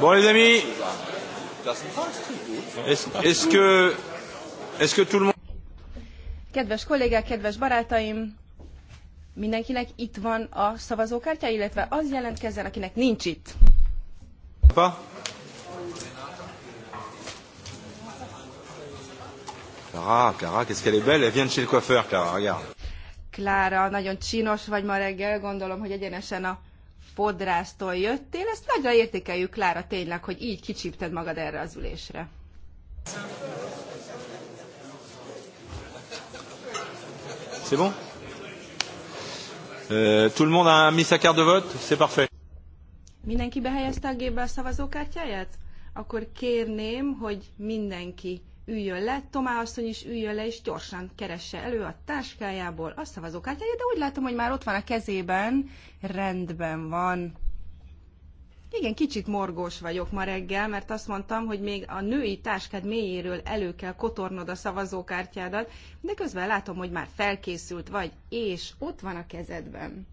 Bon les amis, est-ce que, est que tout le monde... Kedves kollégák, kedves barátaim, mindenkinek itt van a szavazókártya, illetve az jelentkezzen, akinek nincs itt. Pa? Clara, Clara, qu'est-ce qu'elle est belle, elle vient de chez le coiffeur, Clara, regarde. Clara, nagyon csinos vagy ma reggel, gondolom, hogy egyenesen a fodrásztól jöttél, ezt nagyra értékeljük, Klára, tényleg, hogy így kicsípted magad erre az ülésre. C'est bon euh, Tout le monde a mis sa carte de vote C'est parfait. Mindenki behelyezte a gépbe a szavazókártyáját? Akkor kérném, hogy mindenki üljön le, Tomá asszony is üljön le, és gyorsan keresse elő a táskájából a szavazókártyáját, de úgy látom, hogy már ott van a kezében, rendben van. Igen, kicsit morgós vagyok ma reggel, mert azt mondtam, hogy még a női táskád mélyéről elő kell kotornod a szavazókártyádat, de közben látom, hogy már felkészült vagy, és ott van a kezedben.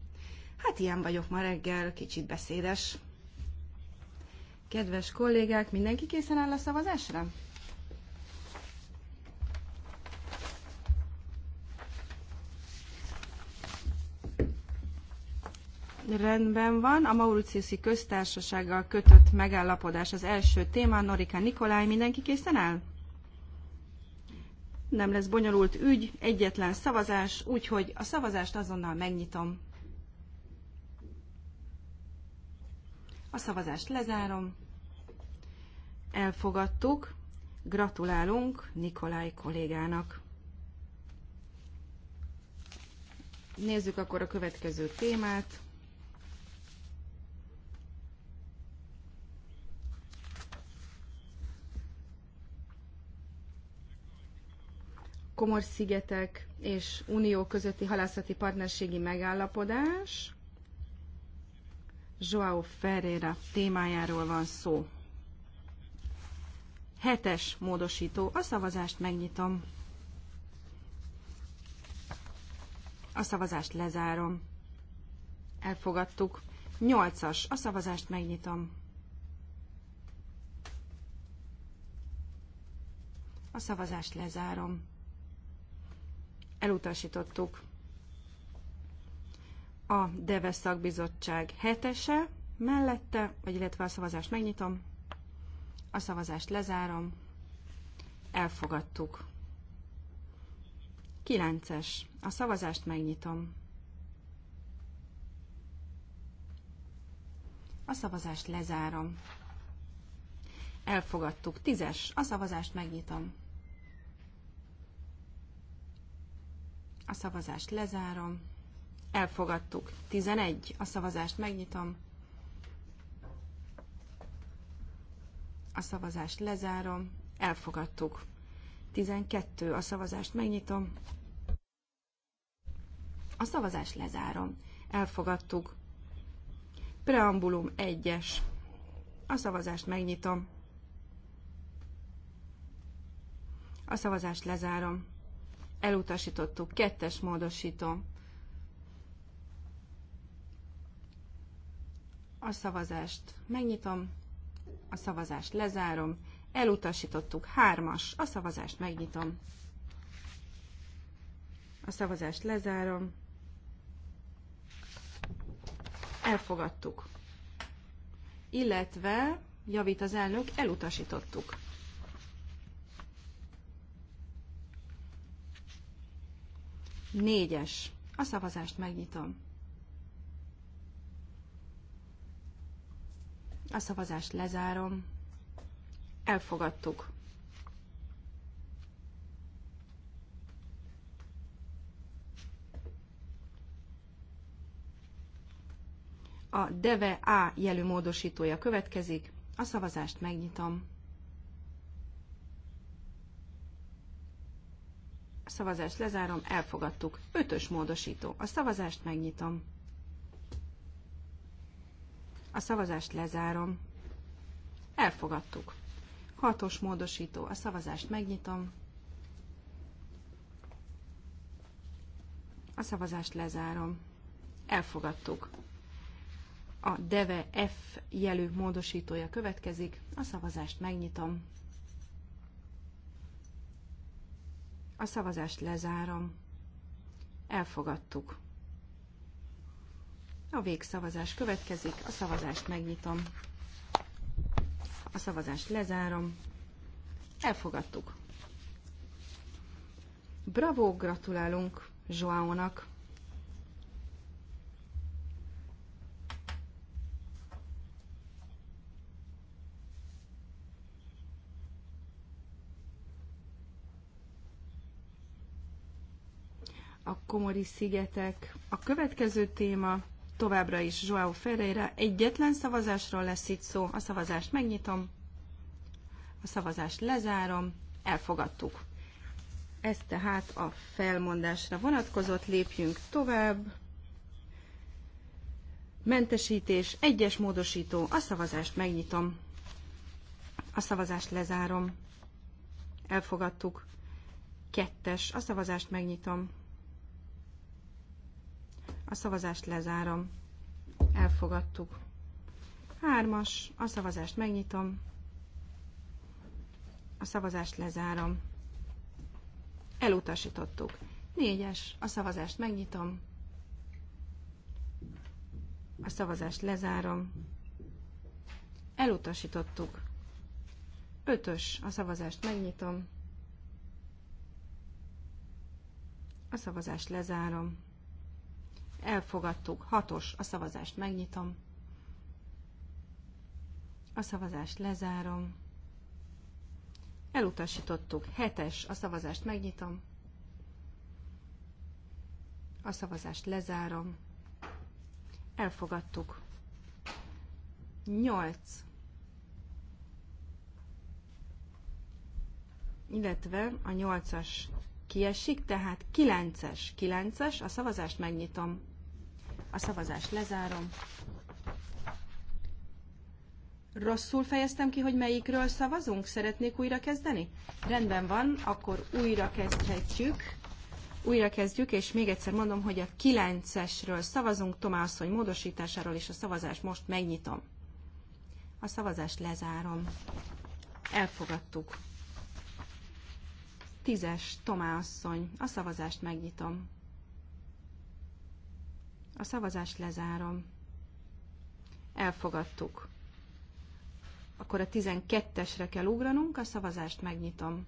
Hát ilyen vagyok ma reggel, kicsit beszédes. Kedves kollégák, mindenki készen áll a szavazásra? Rendben van. A Mauritiuszi köztársasággal kötött megállapodás az első téma. Norika Nikolaj, mindenki készen áll? Nem lesz bonyolult ügy, egyetlen szavazás, úgyhogy a szavazást azonnal megnyitom. A szavazást lezárom. Elfogadtuk. Gratulálunk Nikolaj kollégának. Nézzük akkor a következő témát. Komor-szigetek és Unió közötti halászati partnerségi megállapodás. Joao Ferreira témájáról van szó. Hetes módosító. A szavazást megnyitom. A szavazást lezárom. Elfogadtuk. Nyolcas. A szavazást megnyitom. A szavazást lezárom elutasítottuk. A DEVE szakbizottság hetese mellette, vagy illetve a szavazást megnyitom, a szavazást lezárom, elfogadtuk. 9-es. A szavazást megnyitom. A szavazást lezárom. Elfogadtuk. 10-es. A szavazást megnyitom. A szavazást lezárom. Elfogadtuk. 11. A szavazást megnyitom. A szavazást lezárom. Elfogadtuk. 12. A szavazást megnyitom. A szavazást lezárom. Elfogadtuk. Preambulum 1-es. A szavazást megnyitom. A szavazást lezárom elutasítottuk. Kettes módosító. A szavazást megnyitom, a szavazást lezárom, elutasítottuk. Hármas, a szavazást megnyitom. A szavazást lezárom. Elfogadtuk. Illetve, javít az elnök, elutasítottuk. Négyes. A szavazást megnyitom. A szavazást lezárom. Elfogadtuk. A DEVE A jelű módosítója következik. A szavazást megnyitom. A Szavazást lezárom, elfogadtuk. Ötös módosító. A szavazást megnyitom. A szavazást lezárom. Elfogadtuk. Hatos módosító. A szavazást megnyitom. A szavazást lezárom. Elfogadtuk. A DEVE F jelű módosítója következik. A szavazást megnyitom. A szavazást lezárom. Elfogadtuk. A végszavazás következik, a szavazást megnyitom. A szavazást lezárom. Elfogadtuk. Bravo, gratulálunk Joao-nak. komori szigetek. A következő téma továbbra is João Ferreira. Egyetlen szavazásról lesz itt szó. A szavazást megnyitom, a szavazást lezárom, elfogadtuk. Ez tehát a felmondásra vonatkozott, lépjünk tovább. Mentesítés, egyes módosító, a szavazást megnyitom. A szavazást lezárom. Elfogadtuk. Kettes, a szavazást megnyitom. A szavazást lezárom. Elfogadtuk. Hármas. A szavazást megnyitom. A szavazást lezárom. Elutasítottuk. Négyes. A szavazást megnyitom. A szavazást lezárom. Elutasítottuk. Ötös. A szavazást megnyitom. A szavazást lezárom. Elfogadtuk. Hatos. A szavazást megnyitom. A szavazást lezárom. Elutasítottuk. Hetes. A szavazást megnyitom. A szavazást lezárom. Elfogadtuk. Nyolc. Illetve a nyolcas kiesik, tehát 9-es, 9-es, a szavazást megnyitom, a szavazást lezárom. Rosszul fejeztem ki, hogy melyikről szavazunk? Szeretnék újra kezdeni? Rendben van, akkor újra kezdhetjük. Újra kezdjük, és még egyszer mondom, hogy a 9-esről szavazunk, Tomászony módosításáról, és a szavazást most megnyitom. A szavazást lezárom. Elfogadtuk. Tízes Tomá asszony. A szavazást megnyitom. A szavazást lezárom. Elfogadtuk. Akkor a tizenkettesre kell ugranunk, a szavazást megnyitom.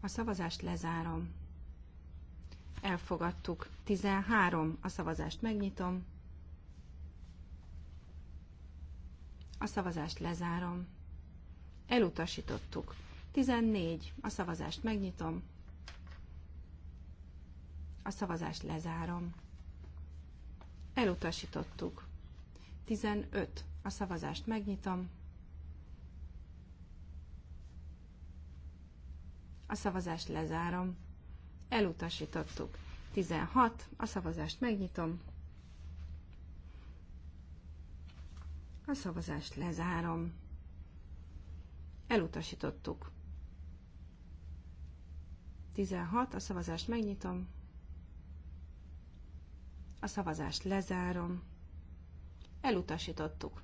A szavazást lezárom. Elfogadtuk. 13. A szavazást megnyitom. A szavazást lezárom. Elutasítottuk. 14. A szavazást megnyitom. A szavazást lezárom. Elutasítottuk. 15. A szavazást megnyitom. A szavazást lezárom. Elutasítottuk. 16. A szavazást megnyitom. A szavazást lezárom. Elutasítottuk. 16. A szavazást megnyitom. A szavazást lezárom. Elutasítottuk.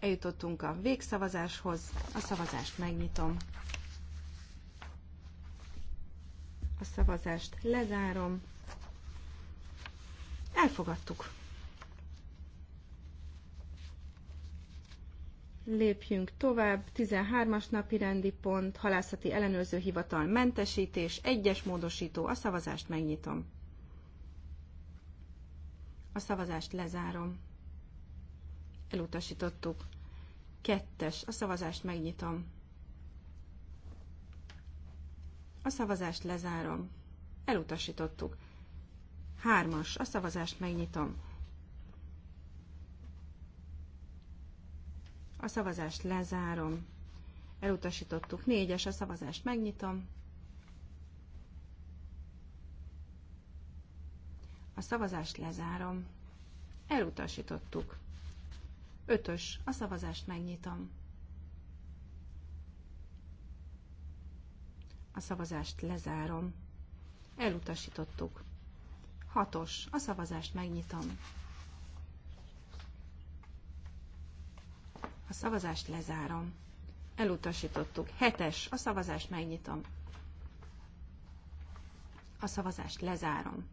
Eljutottunk a végszavazáshoz. A szavazást megnyitom. A szavazást lezárom. Elfogadtuk. Lépjünk tovább. 13-as napi rendi pont, halászati ellenőrző hivatal mentesítés, egyes módosító. A szavazást megnyitom. A szavazást lezárom. Elutasítottuk. Kettes. A szavazást megnyitom. A szavazást lezárom. Elutasítottuk. Hármas. A szavazást megnyitom. A szavazást lezárom. Elutasítottuk. Négyes, a szavazást megnyitom. A szavazást lezárom. Elutasítottuk. Ötös, a szavazást megnyitom. A szavazást lezárom. Elutasítottuk. Hatos, a szavazást megnyitom. A szavazást lezárom. Elutasítottuk. Hetes. A szavazást megnyitom. A szavazást lezárom.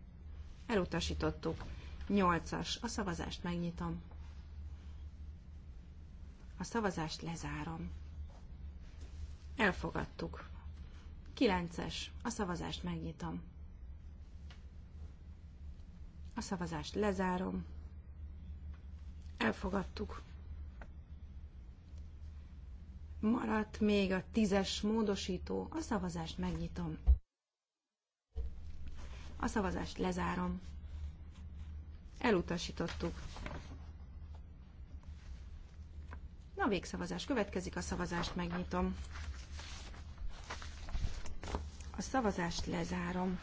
Elutasítottuk. Nyolcas. A szavazást megnyitom. A szavazást lezárom. Elfogadtuk. Kilences. A szavazást megnyitom. A szavazást lezárom. Elfogadtuk. Maradt még a tízes módosító. A szavazást megnyitom. A szavazást lezárom. Elutasítottuk. Na, végszavazás következik, a szavazást megnyitom. A szavazást lezárom.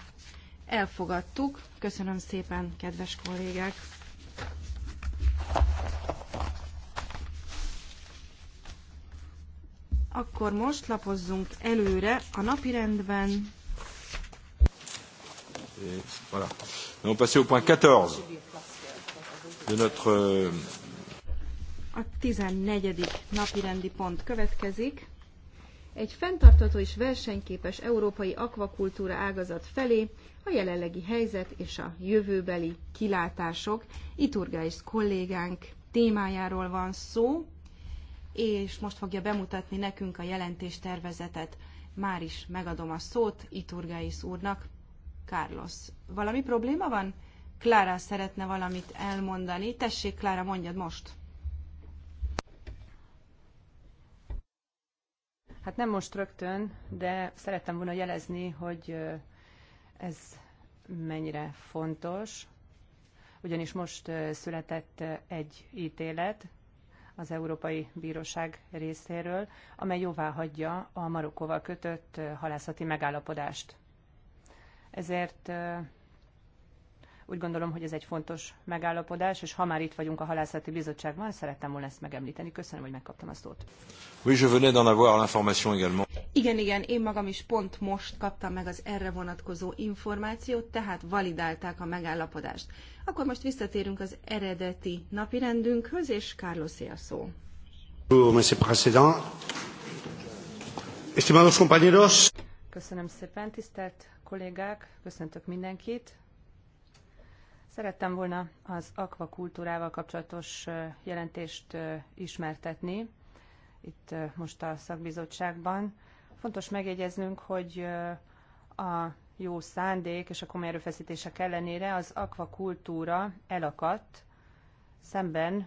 Elfogadtuk. Köszönöm szépen, kedves kollégák! Akkor most lapozzunk előre a napirendben. Et voilà. Nous allons au point 14 de notre. Euh, a 14. napirendi pont következik. Egy fenntartató és versenyképes európai akvakultúra ágazat felé a jelenlegi helyzet és a jövőbeli kilátások. Iturgáis kollégánk témájáról van szó és most fogja bemutatni nekünk a jelentéstervezetet. Már is megadom a szót Iturgáis úrnak. Carlos, valami probléma van? Klára szeretne valamit elmondani. Tessék, Klára, mondjad most. Hát nem most rögtön, de szerettem volna jelezni, hogy ez mennyire fontos, ugyanis most született egy ítélet, az Európai Bíróság részéről, amely jóvá hagyja a Marokkóval kötött halászati megállapodást. Ezért úgy gondolom, hogy ez egy fontos megállapodás, és ha már itt vagyunk a Halászati Bizottságban, szerettem volna ezt megemlíteni. Köszönöm, hogy megkaptam a szót. Oui, je venais d'en avoir l'information également. Igen, igen, én magam is pont most kaptam meg az erre vonatkozó információt, tehát validálták a megállapodást. Akkor most visszatérünk az eredeti napirendünkhöz, és Carlos a szó. Köszönöm szépen, tisztelt kollégák, köszöntök mindenkit. Szerettem volna az akvakultúrával kapcsolatos jelentést ismertetni itt most a szakbizottságban. Fontos megjegyeznünk, hogy a jó szándék és a komoly erőfeszítések ellenére az akvakultúra elakadt szemben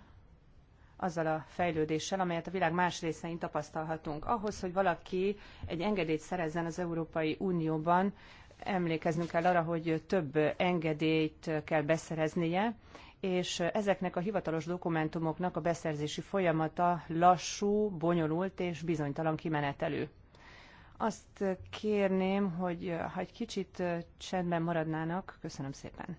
azzal a fejlődéssel, amelyet a világ más részein tapasztalhatunk. Ahhoz, hogy valaki egy engedélyt szerezzen az Európai Unióban, emlékeznünk kell arra, hogy több engedélyt kell beszereznie, és ezeknek a hivatalos dokumentumoknak a beszerzési folyamata lassú, bonyolult és bizonytalan kimenetelő. Azt kérném, hogy ha egy kicsit csendben maradnának, köszönöm szépen.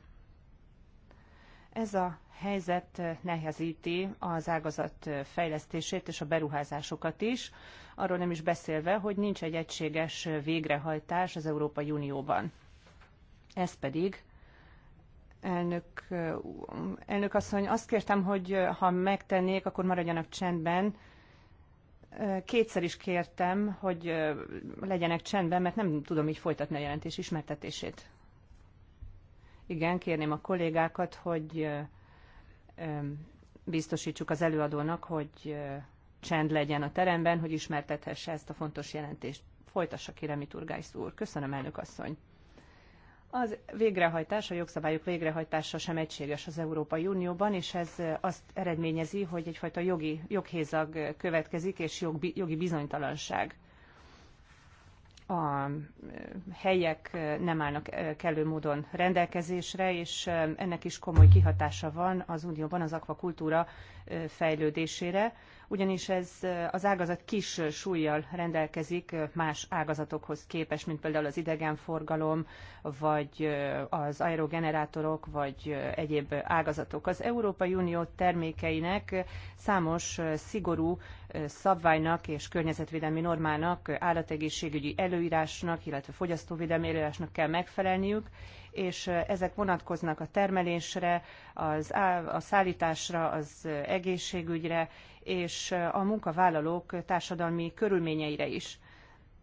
Ez a helyzet nehezíti az ágazat fejlesztését és a beruházásokat is, arról nem is beszélve, hogy nincs egy egységes végrehajtás az Európai Unióban. Ez pedig Elnök, elnök asszony, azt kértem, hogy ha megtennék, akkor maradjanak csendben, Kétszer is kértem, hogy legyenek csendben, mert nem tudom így folytatni a jelentés ismertetését. Igen, kérném a kollégákat, hogy biztosítsuk az előadónak, hogy csend legyen a teremben, hogy ismertethesse ezt a fontos jelentést. Folytassa kérem, Remi Turgász úr. Köszönöm, elnök asszony. Az végrehajtás, a jogszabályok végrehajtása sem egységes az Európai Unióban, és ez azt eredményezi, hogy egyfajta jogi, joghézag következik, és jog, jogi bizonytalanság. A helyek nem állnak kellő módon rendelkezésre, és ennek is komoly kihatása van az Unióban az akvakultúra fejlődésére ugyanis ez az ágazat kis súlyjal rendelkezik más ágazatokhoz képest, mint például az idegenforgalom, vagy az aerogenerátorok, vagy egyéb ágazatok. Az Európai Unió termékeinek számos szigorú szabványnak és környezetvédelmi normának, állategészségügyi előírásnak, illetve fogyasztóvédelmi előírásnak kell megfelelniük, és ezek vonatkoznak a termelésre, az, a szállításra, az egészségügyre, és a munkavállalók társadalmi körülményeire is.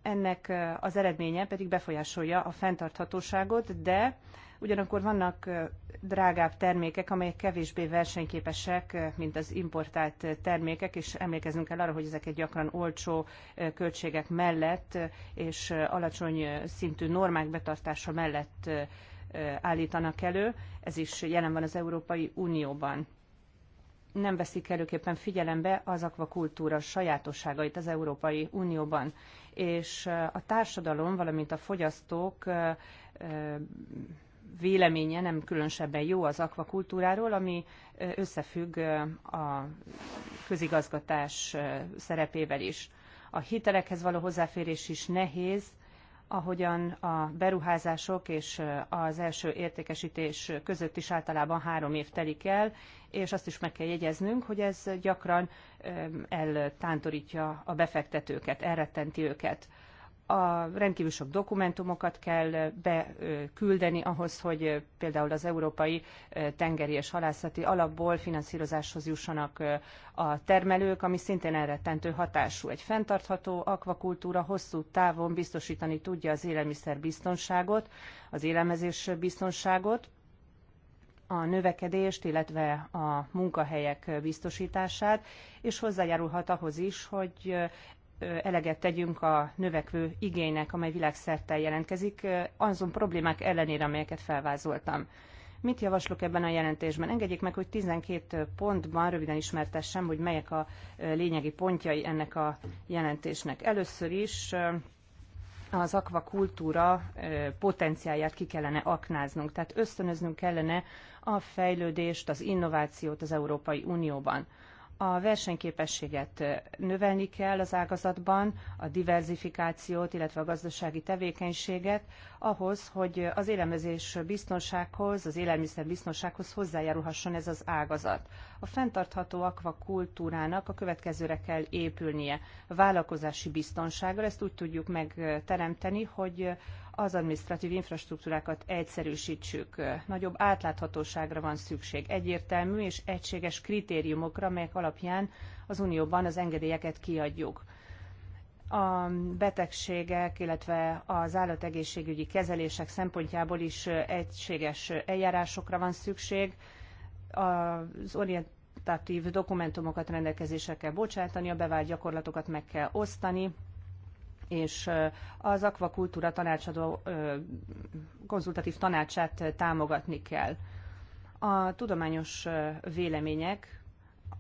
Ennek eh, az eredménye pedig befolyásolja a fenntarthatóságot, de Ugyanakkor vannak drágább termékek, amelyek kevésbé versenyképesek, mint az importált termékek, és emlékezzünk el arra, hogy ezek egy gyakran olcsó költségek mellett és alacsony szintű normák betartása mellett állítanak elő. Ez is jelen van az Európai Unióban nem veszik előképpen figyelembe az akvakultúra sajátosságait az Európai Unióban. És a társadalom, valamint a fogyasztók véleménye nem különösebben jó az akvakultúráról, ami összefügg a közigazgatás szerepével is. A hitelekhez való hozzáférés is nehéz, ahogyan a beruházások és az első értékesítés között is általában három év telik el, és azt is meg kell jegyeznünk, hogy ez gyakran eltántorítja a befektetőket, elrettenti őket a rendkívül sok dokumentumokat kell beküldeni ahhoz, hogy például az Európai Tengeri és Halászati Alapból finanszírozáshoz jussanak a termelők, ami szintén elrettentő hatású. Egy fenntartható akvakultúra hosszú távon biztosítani tudja az élelmiszer biztonságot, az élelmezés biztonságot, a növekedést, illetve a munkahelyek biztosítását, és hozzájárulhat ahhoz is, hogy eleget tegyünk a növekvő igénynek, amely világszerte jelentkezik, azon problémák ellenére, amelyeket felvázoltam. Mit javaslok ebben a jelentésben? Engedjék meg, hogy 12 pontban röviden ismertessem, hogy melyek a lényegi pontjai ennek a jelentésnek. Először is az akvakultúra potenciáját ki kellene aknáznunk, tehát ösztönöznünk kellene a fejlődést, az innovációt az Európai Unióban. A versenyképességet növelni kell az ágazatban, a diversifikációt, illetve a gazdasági tevékenységet, ahhoz, hogy az élelmezés biztonsághoz, az élelmiszer biztonsághoz hozzájárulhasson ez az ágazat. A fenntartható akvakultúrának a következőre kell épülnie. A vállalkozási biztonsággal ezt úgy tudjuk megteremteni, hogy az administratív infrastruktúrákat egyszerűsítsük. Nagyobb átláthatóságra van szükség, egyértelmű és egységes kritériumokra, melyek alapján az Unióban az engedélyeket kiadjuk a betegségek, illetve az állategészségügyi kezelések szempontjából is egységes eljárásokra van szükség. Az orientatív dokumentumokat rendelkezésre kell bocsátani, a bevált gyakorlatokat meg kell osztani, és az akvakultúra tanácsadó konzultatív tanácsát támogatni kell. A tudományos vélemények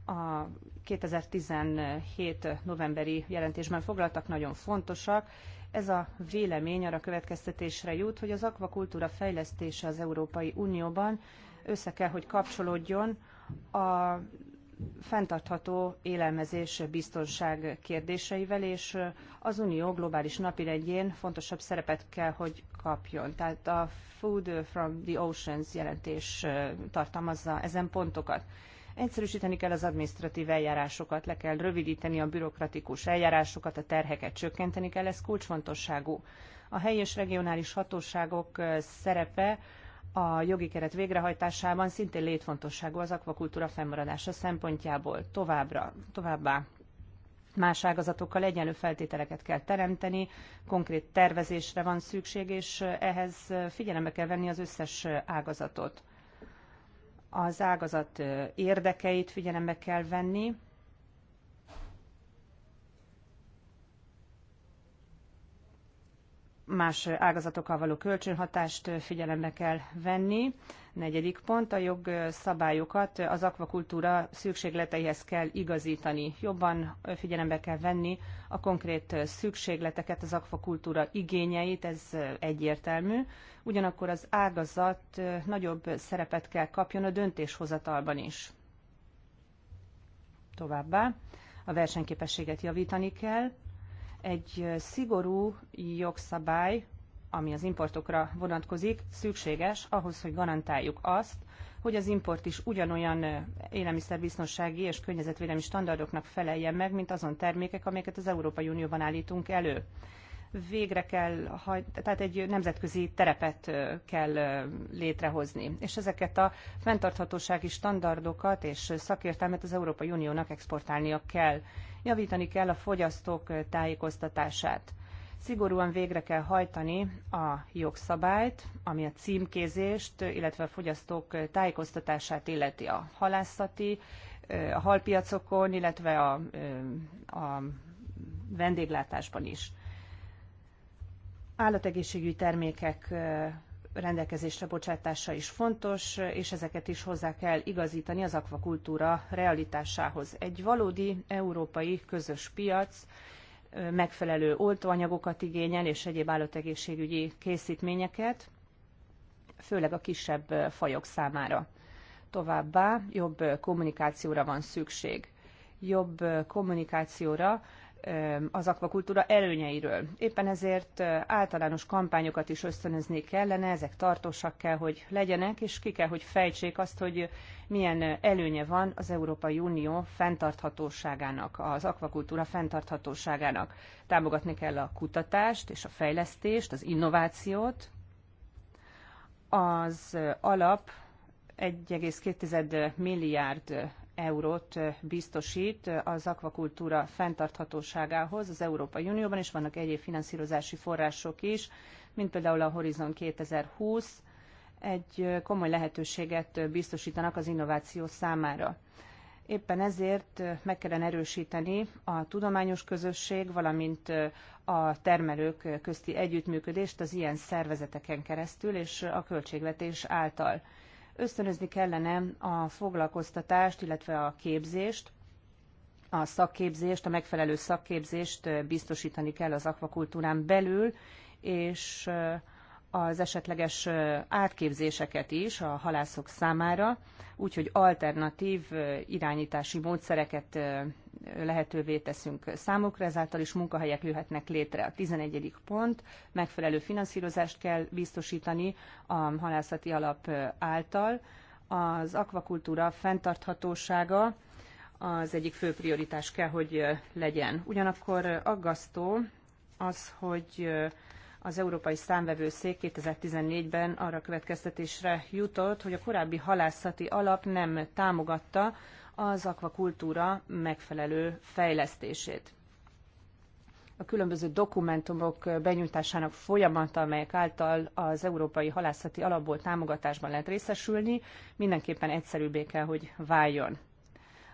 a 2017 novemberi jelentésben foglaltak, nagyon fontosak. Ez a vélemény arra következtetésre jut, hogy az akvakultúra fejlesztése az Európai Unióban össze kell, hogy kapcsolódjon a fenntartható élelmezés biztonság kérdéseivel, és az Unió globális napirendjén fontosabb szerepet kell, hogy kapjon. Tehát a Food from the Oceans jelentés tartalmazza ezen pontokat. Egyszerűsíteni kell az administratív eljárásokat, le kell rövidíteni a bürokratikus eljárásokat, a terheket csökkenteni kell, ez kulcsfontosságú. A helyi és regionális hatóságok szerepe a jogi keret végrehajtásában szintén létfontosságú az akvakultúra fennmaradása szempontjából továbbra, továbbá más ágazatokkal egyenlő feltételeket kell teremteni, konkrét tervezésre van szükség, és ehhez figyelembe kell venni az összes ágazatot az ágazat érdekeit figyelembe kell venni, más ágazatokkal való kölcsönhatást figyelembe kell venni. Negyedik pont, a jogszabályokat az akvakultúra szükségleteihez kell igazítani. Jobban figyelembe kell venni a konkrét szükségleteket, az akvakultúra igényeit, ez egyértelmű. Ugyanakkor az ágazat nagyobb szerepet kell kapjon a döntéshozatalban is. Továbbá a versenyképességet javítani kell, egy szigorú jogszabály, ami az importokra vonatkozik, szükséges ahhoz, hogy garantáljuk azt, hogy az import is ugyanolyan élelmiszerbiztonsági és környezetvédelmi standardoknak feleljen meg, mint azon termékek, amelyeket az Európai Unióban állítunk elő. Végre kell, tehát egy nemzetközi terepet kell létrehozni, és ezeket a fenntarthatósági standardokat és szakértelmet az Európai Uniónak exportálnia kell javítani kell a fogyasztók tájékoztatását. Szigorúan végre kell hajtani a jogszabályt, ami a címkézést, illetve a fogyasztók tájékoztatását illeti a halászati, a halpiacokon, illetve a, a vendéglátásban is állategészségügyi termékek rendelkezésre bocsátása is fontos, és ezeket is hozzá kell igazítani az akvakultúra realitásához. Egy valódi európai közös piac megfelelő oltóanyagokat igényel és egyéb állategészségügyi készítményeket, főleg a kisebb fajok számára. Továbbá jobb kommunikációra van szükség. Jobb kommunikációra az akvakultúra előnyeiről. Éppen ezért általános kampányokat is ösztönözni kellene, ezek tartósak kell, hogy legyenek, és ki kell, hogy fejtsék azt, hogy milyen előnye van az Európai Unió fenntarthatóságának, az akvakultúra fenntarthatóságának. Támogatni kell a kutatást és a fejlesztést, az innovációt, az alap 1,2 milliárd eurót biztosít az akvakultúra fenntarthatóságához az Európai Unióban, és vannak egyéb finanszírozási források is, mint például a Horizon 2020, egy komoly lehetőséget biztosítanak az innováció számára. Éppen ezért meg kellene erősíteni a tudományos közösség, valamint a termelők közti együttműködést az ilyen szervezeteken keresztül és a költségvetés által ösztönözni kellene a foglalkoztatást, illetve a képzést, a szakképzést, a megfelelő szakképzést biztosítani kell az akvakultúrán belül, és az esetleges átképzéseket is a halászok számára, úgyhogy alternatív irányítási módszereket lehetővé teszünk számukra, ezáltal is munkahelyek jöhetnek létre. A 11. pont, megfelelő finanszírozást kell biztosítani a halászati alap által. Az akvakultúra fenntarthatósága az egyik fő prioritás kell, hogy legyen. Ugyanakkor aggasztó az, hogy az Európai Számvevőszék 2014-ben arra következtetésre jutott, hogy a korábbi halászati alap nem támogatta az akvakultúra megfelelő fejlesztését. A különböző dokumentumok benyújtásának folyamata, amelyek által az európai halászati alapból támogatásban lehet részesülni, mindenképpen egyszerűbbé kell, hogy váljon.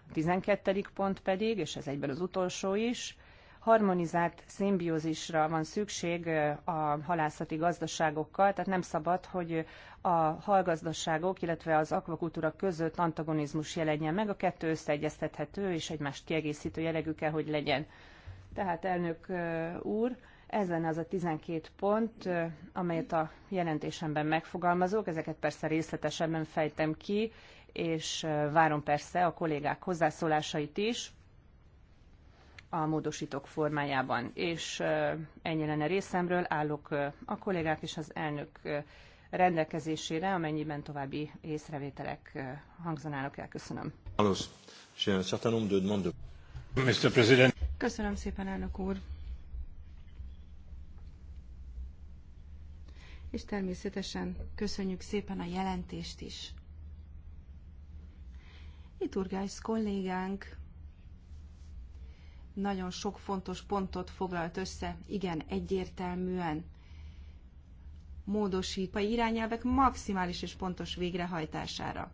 A 12. pont pedig, és ez egyben az utolsó is, harmonizált szimbiózisra van szükség a halászati gazdaságokkal, tehát nem szabad, hogy a halgazdaságok, illetve az akvakultúra között antagonizmus jelenjen meg, a kettő összeegyeztethető és egymást kiegészítő jellegű kell, hogy legyen. Tehát elnök úr, ez lenne az a 12 pont, amelyet a jelentésemben megfogalmazok, ezeket persze részletesebben fejtem ki, és várom persze a kollégák hozzászólásait is a módosítók formájában. És ennyi lenne részemről, állok a kollégák és az elnök rendelkezésére, amennyiben további észrevételek hangzanának el. Köszönöm. Köszönöm szépen, elnök úr. És természetesen köszönjük szépen a jelentést is. Iturgász kollégánk nagyon sok fontos pontot foglalt össze, igen, egyértelműen módosítpai irányelvek maximális és pontos végrehajtására.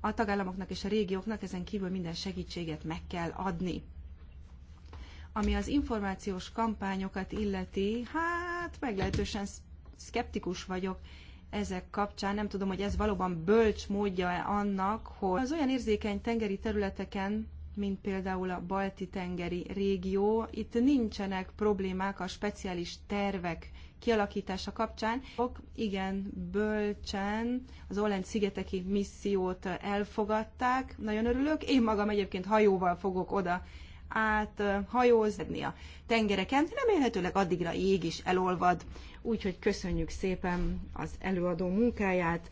A tagállamoknak és a régióknak ezen kívül minden segítséget meg kell adni. Ami az információs kampányokat illeti, hát meglehetősen szkeptikus vagyok ezek kapcsán. Nem tudom, hogy ez valóban bölcs módja -e annak, hogy az olyan érzékeny tengeri területeken mint például a Balti-tengeri régió. Itt nincsenek problémák a speciális tervek kialakítása kapcsán. Ok Igen, bölcsen az Olland szigeteki missziót elfogadták. Nagyon örülök. Én magam egyébként hajóval fogok oda áthajózni hajózni a tengereken. Remélhetőleg addigra ég is elolvad. Úgyhogy köszönjük szépen az előadó munkáját.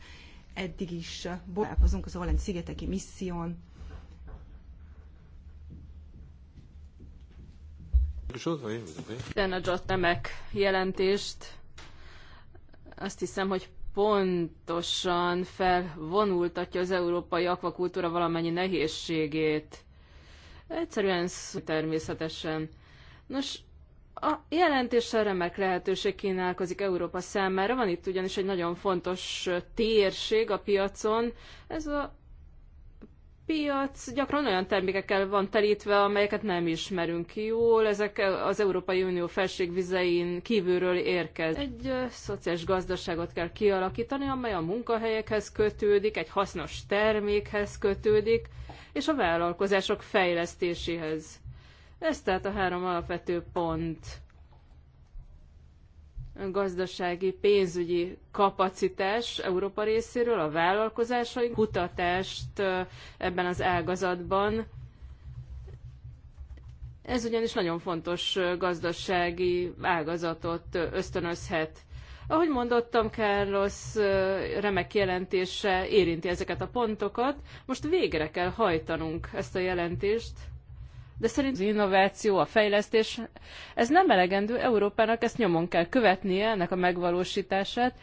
Eddig is bolálkozunk az Olland szigeteki misszión. Tenadzsot nemek jelentést. Azt hiszem, hogy pontosan felvonultatja az európai akvakultúra valamennyi nehézségét. Egyszerűen szó természetesen. Nos, a jelentéssel remek lehetőség kínálkozik Európa számára. Van itt ugyanis egy nagyon fontos térség a piacon, ez a piac gyakran olyan termékekkel van telítve, amelyeket nem ismerünk jól, ezek az Európai Unió felségvizein kívülről érkez. Egy szociális gazdaságot kell kialakítani, amely a munkahelyekhez kötődik, egy hasznos termékhez kötődik, és a vállalkozások fejlesztéséhez. Ez tehát a három alapvető pont gazdasági, pénzügyi kapacitás Európa részéről, a vállalkozásaink, kutatást ebben az ágazatban. Ez ugyanis nagyon fontos gazdasági ágazatot ösztönözhet. Ahogy mondottam, Carlos remek jelentése érinti ezeket a pontokat. Most végre kell hajtanunk ezt a jelentést, de szerint az innováció, a fejlesztés, ez nem elegendő, Európának ezt nyomon kell követnie, ennek a megvalósítását.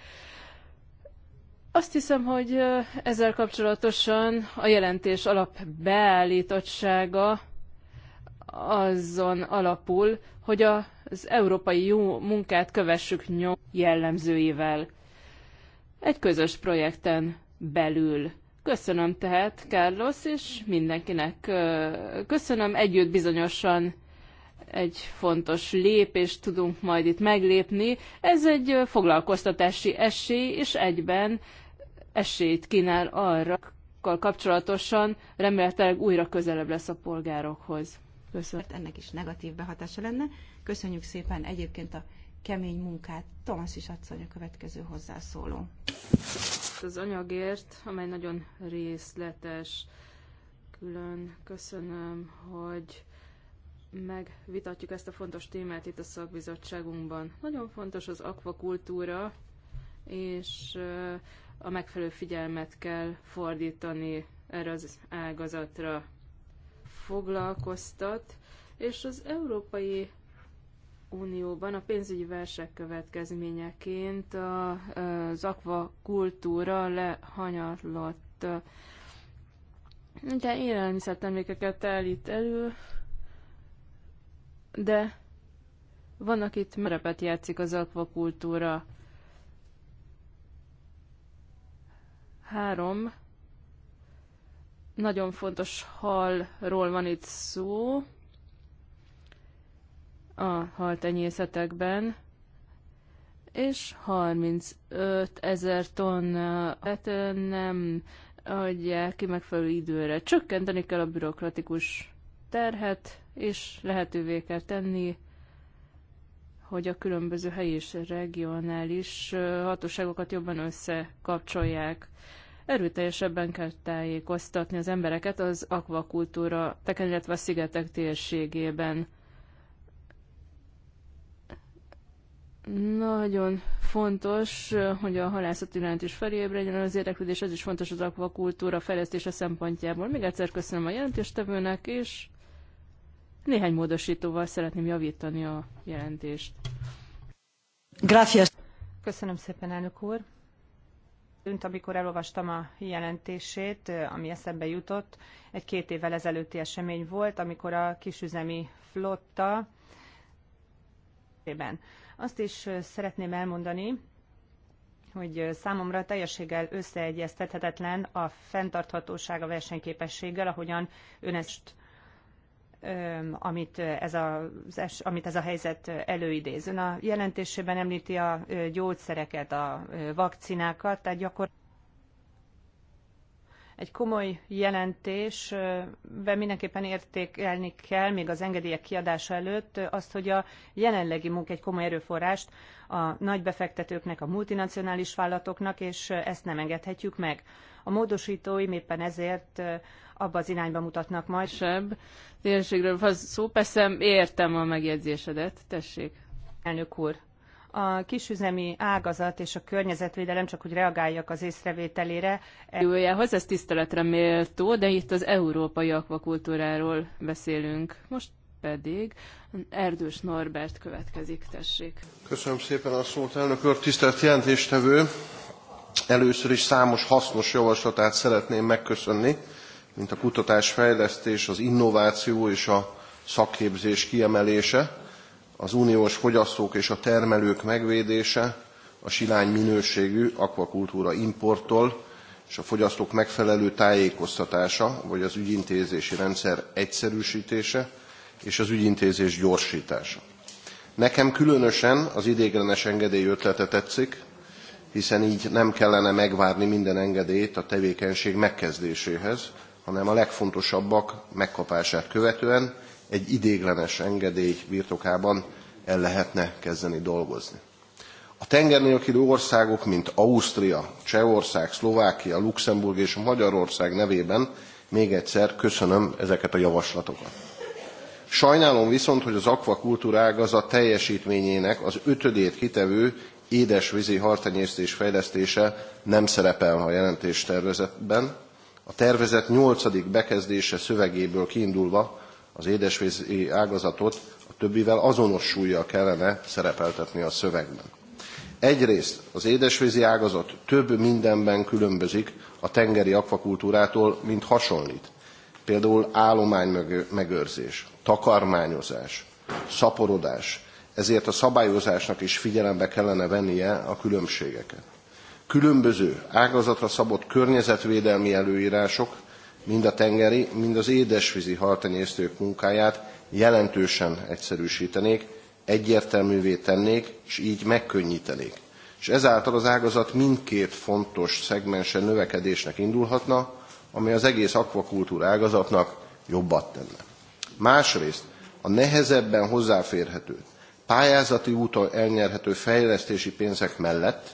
Azt hiszem, hogy ezzel kapcsolatosan a jelentés alap beállítottsága azon alapul, hogy az európai jó munkát kövessük nyom jellemzőivel. Egy közös projekten belül Köszönöm tehát, Carlos, és mindenkinek köszönöm. Együtt bizonyosan egy fontos lépést tudunk majd itt meglépni. Ez egy foglalkoztatási esély, és egyben esélyt kínál arra, kapcsolatosan remélhetőleg újra közelebb lesz a polgárokhoz. Köszönöm. Ennek is negatív behatása lenne. Köszönjük szépen egyébként a kemény munkát. Tomasz is asszony a következő hozzászóló ezt az anyagért, amely nagyon részletes. Külön köszönöm, hogy megvitatjuk ezt a fontos témát itt a szakbizottságunkban. Nagyon fontos az akvakultúra, és a megfelelő figyelmet kell fordítani erre az ágazatra foglalkoztat, és az Európai Unióban a pénzügyi versek következményeként az akvakultúra lehanyatlott. De élelmiszertermékeket állít elő, de vannak itt merepet játszik az akvakultúra. Három. Nagyon fontos halról van itt szó a haltenyészetekben, és 35 ezer tonnát nem adják ki megfelelő időre. Csökkenteni kell a bürokratikus terhet, és lehetővé kell tenni, hogy a különböző helyi és regionális hatóságokat jobban összekapcsolják. Erőteljesebben kell tájékoztatni az embereket az akvakultúra, illetve a szigetek térségében. Nagyon fontos, hogy a halászat iránt is felébredjen az érdeklődés, ez is fontos az akvakultúra fejlesztése szempontjából. Még egyszer köszönöm a jelentéstevőnek, és néhány módosítóval szeretném javítani a jelentést. Gracias. Köszönöm szépen, elnök úr. Önt, amikor elolvastam a jelentését, ami eszembe jutott, egy két évvel ezelőtti esemény volt, amikor a kisüzemi flotta azt is szeretném elmondani, hogy számomra teljességgel összeegyeztethetetlen a fenntarthatóság a versenyképességgel, ahogyan ön ezt amit ez, a, amit ez a helyzet előidéz. Ön a jelentésében említi a gyógyszereket, a vakcinákat, tehát gyakor egy komoly jelentés, mindenképpen értékelni kell még az engedélyek kiadása előtt azt, hogy a jelenlegi munka egy komoly erőforrást a nagy befektetőknek, a multinacionális vállalatoknak, és ezt nem engedhetjük meg. A módosítóim éppen ezért abba az irányba mutatnak majd. Sebb térségről szó, persze értem a megjegyzésedet, tessék. Elnök úr, a kisüzemi ágazat és a környezetvédelem, csak hogy reagáljak az észrevételére. E- Júljához ez tiszteletre méltó, de itt az európai akvakultúráról beszélünk. Most pedig Erdős Norbert következik, tessék. Köszönöm szépen a szót, elnök úr, tisztelt jelentéstevő. Először is számos hasznos javaslatát szeretném megköszönni, mint a kutatás, fejlesztés, az innováció és a szakképzés kiemelése az uniós fogyasztók és a termelők megvédése a silány minőségű akvakultúra importtól és a fogyasztók megfelelő tájékoztatása, vagy az ügyintézési rendszer egyszerűsítése és az ügyintézés gyorsítása. Nekem különösen az idéglenes engedély ötlete tetszik, hiszen így nem kellene megvárni minden engedélyt a tevékenység megkezdéséhez, hanem a legfontosabbak megkapását követően egy idéglenes engedély birtokában el lehetne kezdeni dolgozni. A tengernélküli országok, mint Ausztria, Csehország, Szlovákia, Luxemburg és Magyarország nevében még egyszer köszönöm ezeket a javaslatokat. Sajnálom viszont, hogy az akvakultúra ágazat teljesítményének az ötödét kitevő édesvízi haltenyésztés fejlesztése nem szerepel a jelentés tervezetben. A tervezet nyolcadik bekezdése szövegéből kiindulva az édesvízi ágazatot a többivel azonos súlya kellene szerepeltetni a szövegben. Egyrészt az édesvízi ágazat több mindenben különbözik a tengeri akvakultúrától, mint hasonlít. Például állomány megőrzés, takarmányozás, szaporodás, ezért a szabályozásnak is figyelembe kellene vennie a különbségeket. Különböző ágazatra szabott környezetvédelmi előírások, mind a tengeri, mind az édesvízi haltenyésztők munkáját jelentősen egyszerűsítenék, egyértelművé tennék, és így megkönnyítenék. És ezáltal az ágazat mindkét fontos szegmense növekedésnek indulhatna, ami az egész akvakultúra ágazatnak jobbat tenne. Másrészt a nehezebben hozzáférhető, pályázati úton elnyerhető fejlesztési pénzek mellett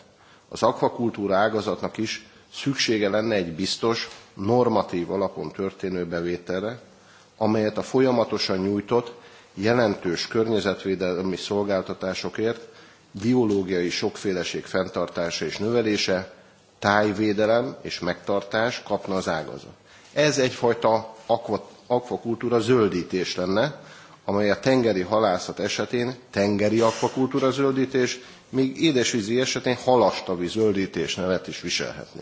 az akvakultúra ágazatnak is szüksége lenne egy biztos, normatív alapon történő bevételre, amelyet a folyamatosan nyújtott, jelentős környezetvédelmi szolgáltatásokért, biológiai sokféleség fenntartása és növelése, tájvédelem és megtartás kapna az ágazat. Ez egyfajta akvakultúra zöldítés lenne, amely a tengeri halászat esetén tengeri akvakultúra zöldítés, míg édesvízi esetén halastavi zöldítés nevet is viselhetné.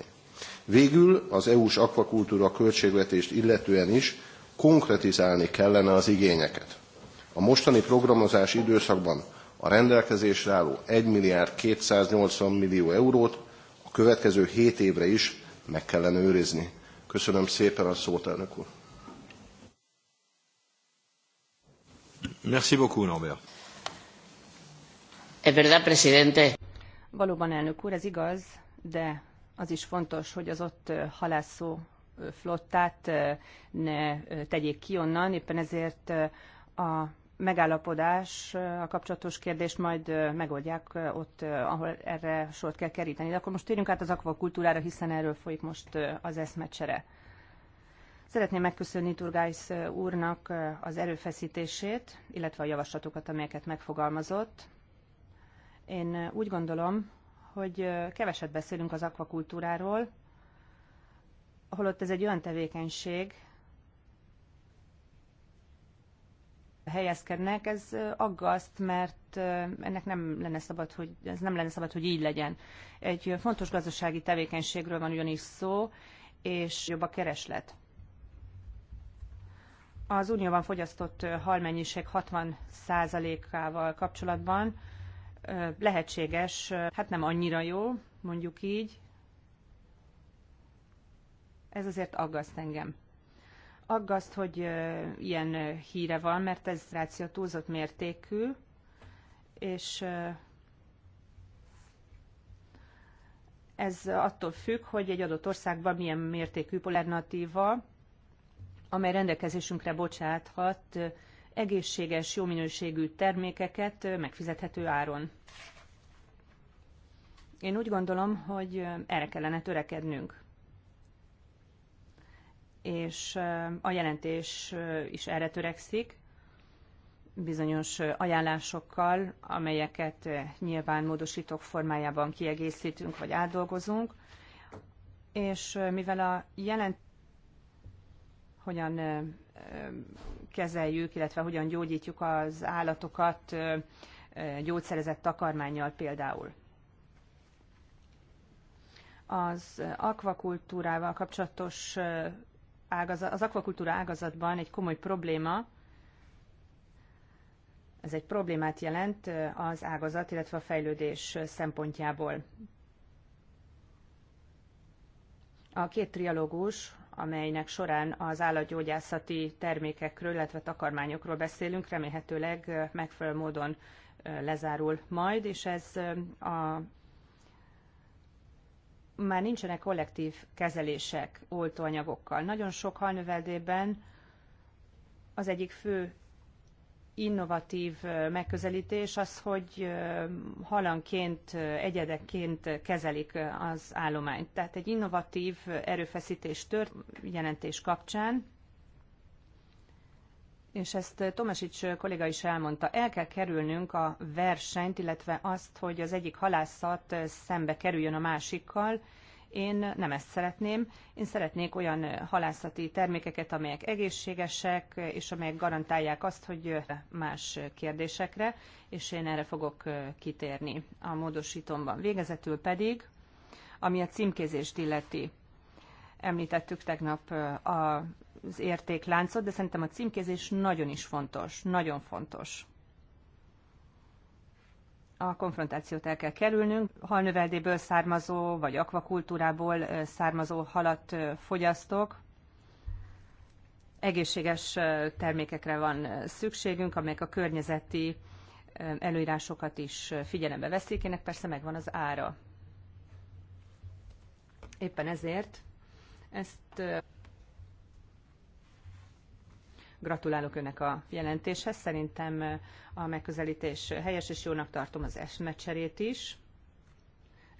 Végül az EU-s akvakultúra költségvetést illetően is konkretizálni kellene az igényeket. A mostani programozás időszakban a rendelkezésre álló 1 milliárd 280 millió eurót a következő 7 évre is meg kellene őrizni. Köszönöm szépen a szót, elnök úr. Merci beaucoup, Norbert. Es verdad, presidente. Valóban, elnök úr, ez igaz, de az is fontos, hogy az ott halászó flottát ne tegyék ki onnan, éppen ezért a megállapodás, a kapcsolatos kérdést majd megoldják ott, ahol erre sort kell keríteni. De akkor most térjünk át az akvakultúrára, hiszen erről folyik most az eszmecsere. Szeretném megköszönni Turgáis úrnak az erőfeszítését, illetve a javaslatokat, amelyeket megfogalmazott. Én úgy gondolom, hogy keveset beszélünk az akvakultúráról, holott ez egy olyan tevékenység, helyezkednek, ez aggaszt, mert ennek nem lenne szabad, hogy, ez nem lenne szabad, hogy így legyen. Egy fontos gazdasági tevékenységről van ugyanis szó, és jobb a kereslet. Az unióban fogyasztott halmennyiség 60%-ával kapcsolatban lehetséges, hát nem annyira jó, mondjuk így. Ez azért aggaszt engem. Aggaszt, hogy ilyen híre van, mert ez ráció túlzott mértékű, és ez attól függ, hogy egy adott országban milyen mértékű alternatíva, amely rendelkezésünkre bocsáthat egészséges, jó minőségű termékeket megfizethető áron. Én úgy gondolom, hogy erre kellene törekednünk. És a jelentés is erre törekszik, bizonyos ajánlásokkal, amelyeket nyilván módosítók formájában kiegészítünk vagy átdolgozunk, és mivel a jelent hogyan kezeljük, illetve hogyan gyógyítjuk az állatokat gyógyszerezett takarmányjal például. Az akvakultúrával kapcsolatos ágazat, az akvakultúra ágazatban egy komoly probléma, ez egy problémát jelent az ágazat, illetve a fejlődés szempontjából. A két trialógus amelynek során az állatgyógyászati termékekről, illetve takarmányokról beszélünk, remélhetőleg megfelelő módon lezárul majd, és ez a már nincsenek kollektív kezelések oltóanyagokkal. Nagyon sok halnöveldében az egyik fő innovatív megközelítés az, hogy halanként, egyedeként kezelik az állományt. Tehát egy innovatív erőfeszítés tört jelentés kapcsán, és ezt Tomasics kolléga is elmondta, el kell kerülnünk a versenyt, illetve azt, hogy az egyik halászat szembe kerüljön a másikkal, én nem ezt szeretném. Én szeretnék olyan halászati termékeket, amelyek egészségesek, és amelyek garantálják azt, hogy más kérdésekre, és én erre fogok kitérni a módosítomban. Végezetül pedig, ami a címkézést illeti, említettük tegnap eh, az értékláncot, de szerintem a címkézés nagyon is fontos, nagyon fontos a konfrontációt el kell kerülnünk. Halnöveldéből származó, vagy akvakultúrából származó halat fogyasztok. Egészséges termékekre van szükségünk, amelyek a környezeti előírásokat is figyelembe veszik. ennek persze megvan az ára. Éppen ezért ezt Gratulálok önnek a jelentéshez. Szerintem a megközelítés helyes és jónak tartom az esmecserét is.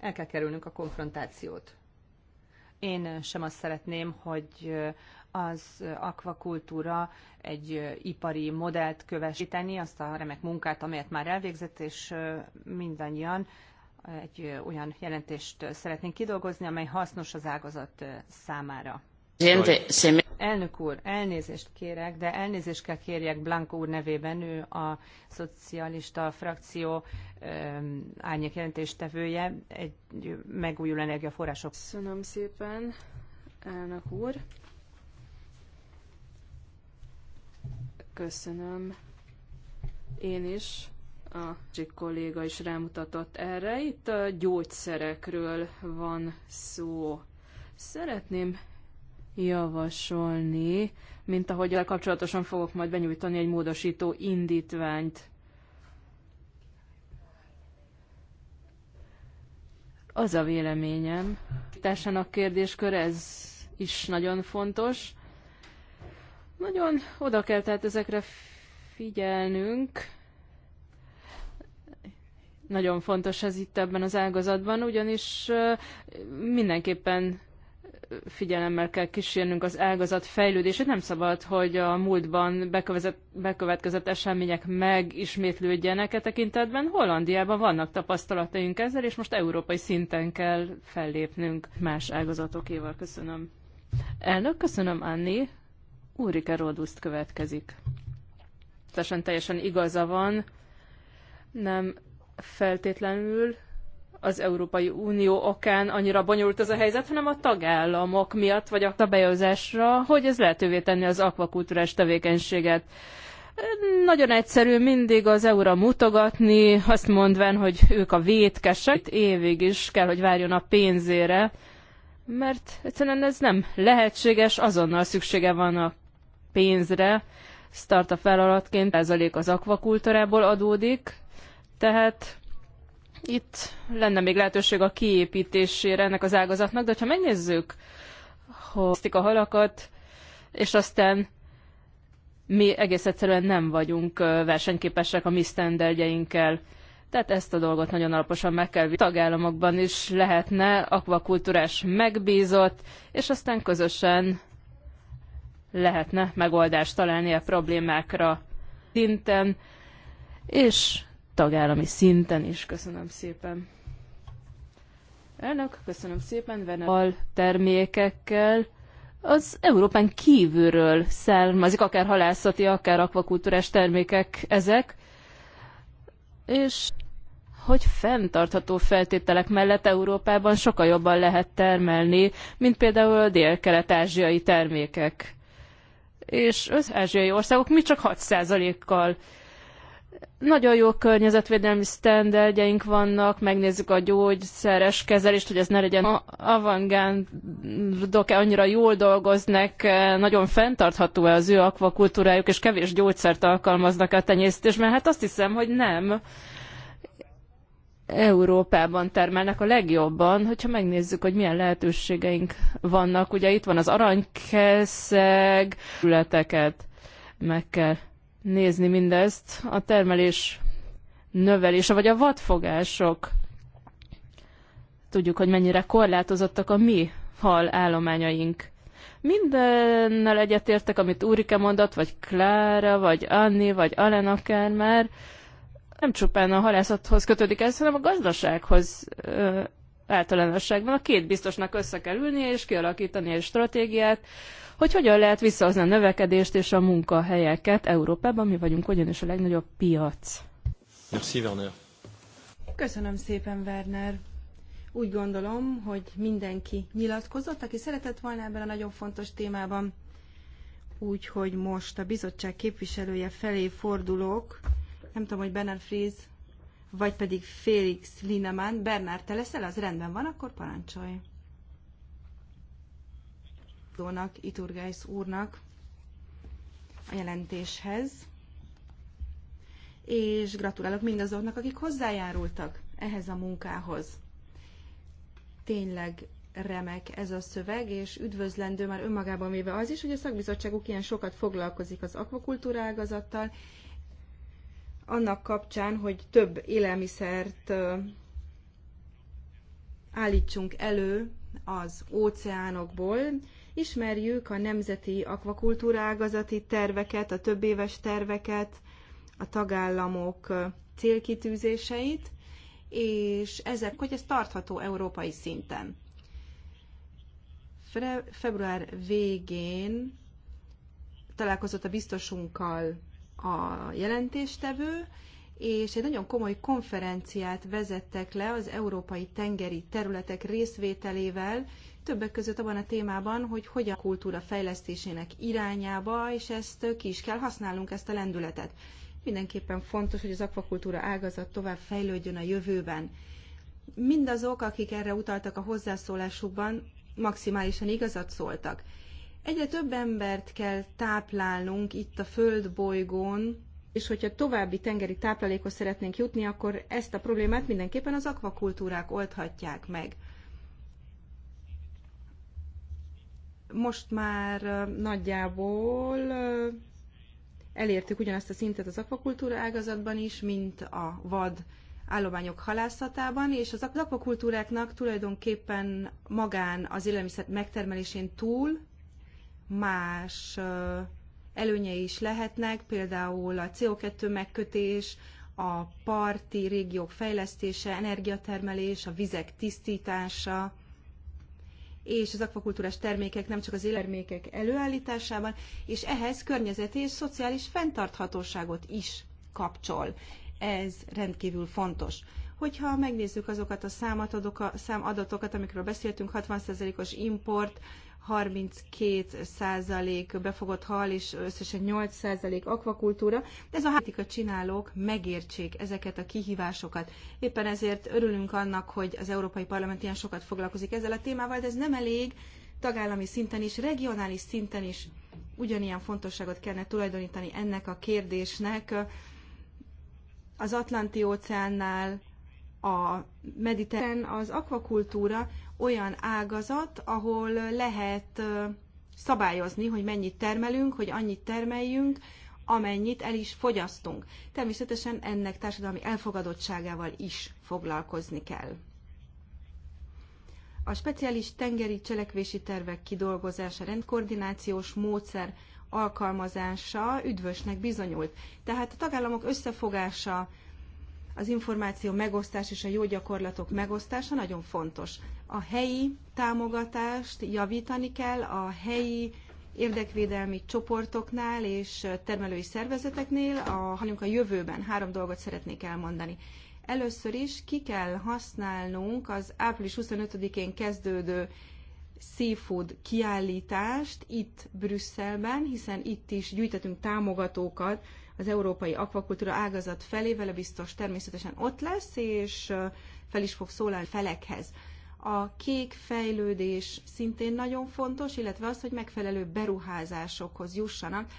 El kell kerülnünk a konfrontációt. Én sem azt szeretném, hogy az akvakultúra egy ipari modellt kövesíteni, azt a remek munkát, amelyet már elvégzett, és mindannyian egy olyan jelentést szeretnénk kidolgozni, amely hasznos az ágazat számára. Elnök úr, elnézést kérek, de elnézést kell kérjek Blanco úr nevében, ő a szocialista frakció um, árnyék jelentéstevője, egy megújuló energiaforrások. Köszönöm szépen, elnök úr. Köszönöm én is a Csik kolléga is rámutatott erre. Itt a gyógyszerekről van szó. Szeretném javasolni, mint ahogy el kapcsolatosan fogok majd benyújtani egy módosító indítványt. Az a véleményem. Társának kérdéskör ez is nagyon fontos. Nagyon oda kell tehát ezekre figyelnünk. Nagyon fontos ez itt ebben az ágazatban, ugyanis mindenképpen figyelemmel kell kísérnünk az ágazat fejlődését. Nem szabad, hogy a múltban bekövetkezett események megismétlődjenek e tekintetben. Hollandiában vannak tapasztalataink ezzel, és most európai szinten kell fellépnünk más ágazatokéval. Köszönöm. Elnök, köszönöm, Anni. Úrike Roduszt következik. Teljesen teljesen igaza van. Nem feltétlenül az Európai Unió okán annyira bonyolult ez a helyzet, hanem a tagállamok miatt, vagy a szabályozásra, hogy ez lehetővé tenni az akvakultúrás tevékenységet. Nagyon egyszerű mindig az EU-ra mutogatni, azt mondván, hogy ők a vétkesek, évig is kell, hogy várjon a pénzére, mert egyszerűen ez nem lehetséges, azonnal szüksége van a pénzre. Startup vállalatként százalék az akvakultúrából adódik, tehát itt lenne még lehetőség a kiépítésére ennek az ágazatnak, de ha megnézzük, hogy a halakat, és aztán mi egész egyszerűen nem vagyunk versenyképesek a mi sztenderdjeinkkel. Tehát ezt a dolgot nagyon alaposan meg kell tagállamokban is lehetne akvakultúrás megbízott, és aztán közösen lehetne megoldást találni a problémákra szinten, és tagállami szinten is. Köszönöm szépen. Elnök, köszönöm szépen. Venel termékekkel az Európán kívülről származik, akár halászati, akár akvakultúrás termékek ezek, és hogy fenntartható feltételek mellett Európában sokkal jobban lehet termelni, mint például a dél-kelet-ázsiai termékek. És az ázsiai országok mi csak 6%-kal nagyon jó környezetvédelmi sztenderdjeink vannak, megnézzük a gyógyszeres kezelést, hogy ez ne legyen avantgárdok -e, annyira jól dolgoznak, e, nagyon fenntartható-e az ő akvakultúrájuk, és kevés gyógyszert alkalmaznak a tenyésztésben? Hát azt hiszem, hogy nem. Európában termelnek a legjobban, hogyha megnézzük, hogy milyen lehetőségeink vannak. Ugye itt van az aranykeszeg, területeket meg kell nézni mindezt, a termelés növelése, vagy a vadfogások. Tudjuk, hogy mennyire korlátozottak a mi hal állományaink. Mindennel egyetértek, amit Úrike mondott, vagy Klára, vagy Anni, vagy Alen akár már. Nem csupán a halászathoz kötődik ez, hanem a gazdasághoz ö, általánosságban. A két biztosnak össze kell ülni és kialakítani egy stratégiát, hogy hogyan lehet visszahozni a növekedést és a munkahelyeket Európában, mi vagyunk ugyanis a legnagyobb piac. Merci, Werner. Köszönöm szépen, Werner. Úgy gondolom, hogy mindenki nyilatkozott, aki szeretett volna ebben a nagyon fontos témában. Úgyhogy most a bizottság képviselője felé fordulok. Nem tudom, hogy Bernard Fries, vagy pedig Félix Linemann. Bernard, te leszel? Az rendben van, akkor parancsolj. Dónak, Iturgeis úrnak a jelentéshez, és gratulálok mindazoknak, akik hozzájárultak ehhez a munkához. Tényleg remek ez a szöveg, és üdvözlendő már önmagában véve az is, hogy a szakbizottságuk ilyen sokat foglalkozik az akvakultúra ágazattal, annak kapcsán, hogy több élelmiszert állítsunk elő az óceánokból, Ismerjük a nemzeti akvakultúrágazati terveket, a többéves terveket, a tagállamok célkitűzéseit, és ezek, hogy ez tartható európai szinten. Fe, február végén találkozott a biztosunkkal a jelentéstevő, és egy nagyon komoly konferenciát vezettek le az európai tengeri területek részvételével, többek között abban a témában, hogy hogyan kultúra fejlesztésének irányába, és ezt ki is kell használnunk, ezt a lendületet. Mindenképpen fontos, hogy az akvakultúra ágazat tovább fejlődjön a jövőben. Mindazok, akik erre utaltak a hozzászólásukban, maximálisan igazat szóltak. Egyre több embert kell táplálnunk itt a bolygón, és hogyha további tengeri táplálékhoz szeretnénk jutni, akkor ezt a problémát mindenképpen az akvakultúrák oldhatják meg. Most már nagyjából elértük ugyanazt a szintet az akvakultúra ágazatban is, mint a vad állományok halászatában, és az akvakultúráknak tulajdonképpen magán az élelmiszer megtermelésén túl más előnyei is lehetnek, például a CO2 megkötés, a parti régiók fejlesztése, energiatermelés, a vizek tisztítása, és az akvakultúrás termékek nem csak az élelmékek előállításában, és ehhez környezeti és szociális fenntarthatóságot is kapcsol. Ez rendkívül fontos. Hogyha megnézzük azokat a számadatokat, számadatokat amikről beszéltünk, 60%-os import, 32 százalék befogott hal és összesen 8 százalék akvakultúra, de ez a hátika csinálók megértsék ezeket a kihívásokat. Éppen ezért örülünk annak, hogy az Európai Parlament ilyen sokat foglalkozik ezzel a témával, de ez nem elég tagállami szinten is, regionális szinten is ugyanilyen fontosságot kellene tulajdonítani ennek a kérdésnek. Az Atlanti óceánnál, a mediterrán, az akvakultúra olyan ágazat, ahol lehet szabályozni, hogy mennyit termelünk, hogy annyit termeljünk, amennyit el is fogyasztunk. Természetesen ennek társadalmi elfogadottságával is foglalkozni kell. A speciális tengeri cselekvési tervek kidolgozása, rendkoordinációs módszer alkalmazása üdvösnek bizonyult. Tehát a tagállamok összefogása, az információ megosztás és a jó gyakorlatok megosztása nagyon fontos. A helyi támogatást javítani kell, a helyi érdekvédelmi csoportoknál és termelői szervezeteknél, a, hanem a jövőben három dolgot szeretnék elmondani. Először is ki kell használnunk az április 25-én kezdődő seafood kiállítást itt Brüsszelben, hiszen itt is gyűjtetünk támogatókat az európai akvakultúra ágazat felé, vele biztos természetesen ott lesz, és fel is fog szólalni felekhez. A kék fejlődés szintén nagyon fontos, illetve az, hogy megfelelő beruházásokhoz jussanak